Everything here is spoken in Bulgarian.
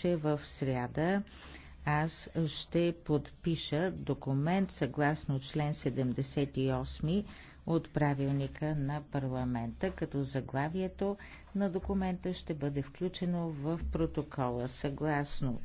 че в сряда аз ще подпиша документ съгласно член 78 от правилника на парламента, като заглавието на документа ще бъде включено в протокола. Съгласно